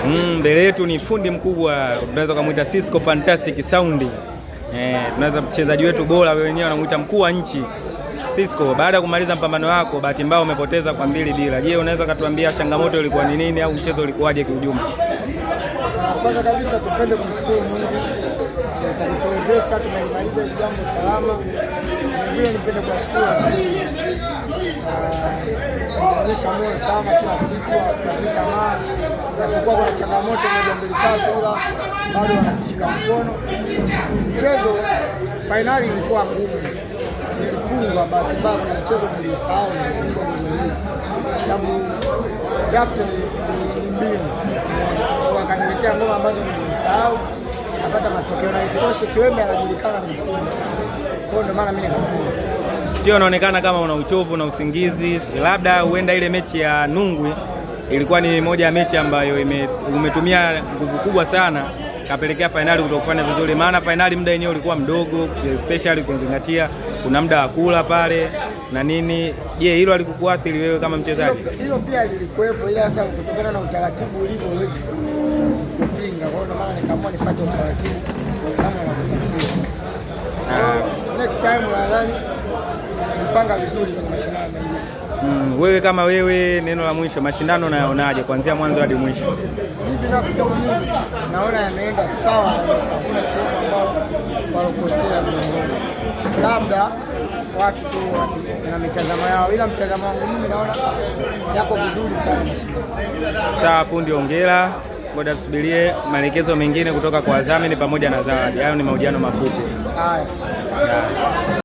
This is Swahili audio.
Mm, mbele mm, yetu ni fundi mkubwa, tunaweza kumuita Cisco Fantastic Sound. Eh, tunaweza mchezaji wetu bora wenyewe wanamuita mkuu wa nchi Cisco. Baada ya kumaliza mpambano wako, bahati mbaya umepoteza kwa mbili bila. Je, unaweza katuambia changamoto ilikuwa ni nini au mchezo ulikuwaje kiujumla? Kwanza kabisa tupende kumshukuru Mungu kwa kutuwezesha tumemaliza jambo salama. Vile nipende kuwashukuru ah, kuonyesha moyo sana kila siku, hatukati tamaa. Kunapokuwa kuna changamoto moja mbili tatu, ila bado wanatushika mkono. Mchezo fainali ilikuwa ngumu, nilifungwa bahati mbaya kwenye mchezo, nilisahau nilifungwa kuzungumza, kwa sababu draft ni mbinu, wakaniletea ngoma ambazo nilisahau napata matokeo na isitoshe, Kiwembe anajulikana ni mkubwa hiyo ndio maana mimi nikafunga pia unaonekana kama una uchovu na usingizi, labda huenda ile mechi ya Nungwi ilikuwa ni moja ya mechi ambayo ime, umetumia nguvu kubwa sana kapelekea fainali kutokufanya vizuri, maana fainali muda wenyewe ulikuwa mdogo, especially ukizingatia kuna muda wa kula pale na nini. Je, yeah, hilo alikukuathiri wewe kama mchezaji? Hilo pia lilikuwepo, ila sasa kutokana na utaratibu ulivyo uwezi kupinga, kwa hiyo maana nikaamua nifuate utaratibu kama wa ah. next time nadhani kupanga vizuri kwenye mashindano mengine. Mm, wewe kama wewe, neno la mwisho, mashindano unayaonaje kuanzia mwanzo hadi mwisho? Mimi binafsi kama mimi naona yameenda sawa, hakuna sehemu ambayo walokosea viongozi, labda watu tu na mitazamo yao, ila mtazamo wangu mimi naona yako vizuri sana Sawa, fundi, hongera. Ngoja tusubirie maelekezo mengine kutoka kwa wadhamini pamoja na zawadi. Hayo ni mahojiano mafupi haya.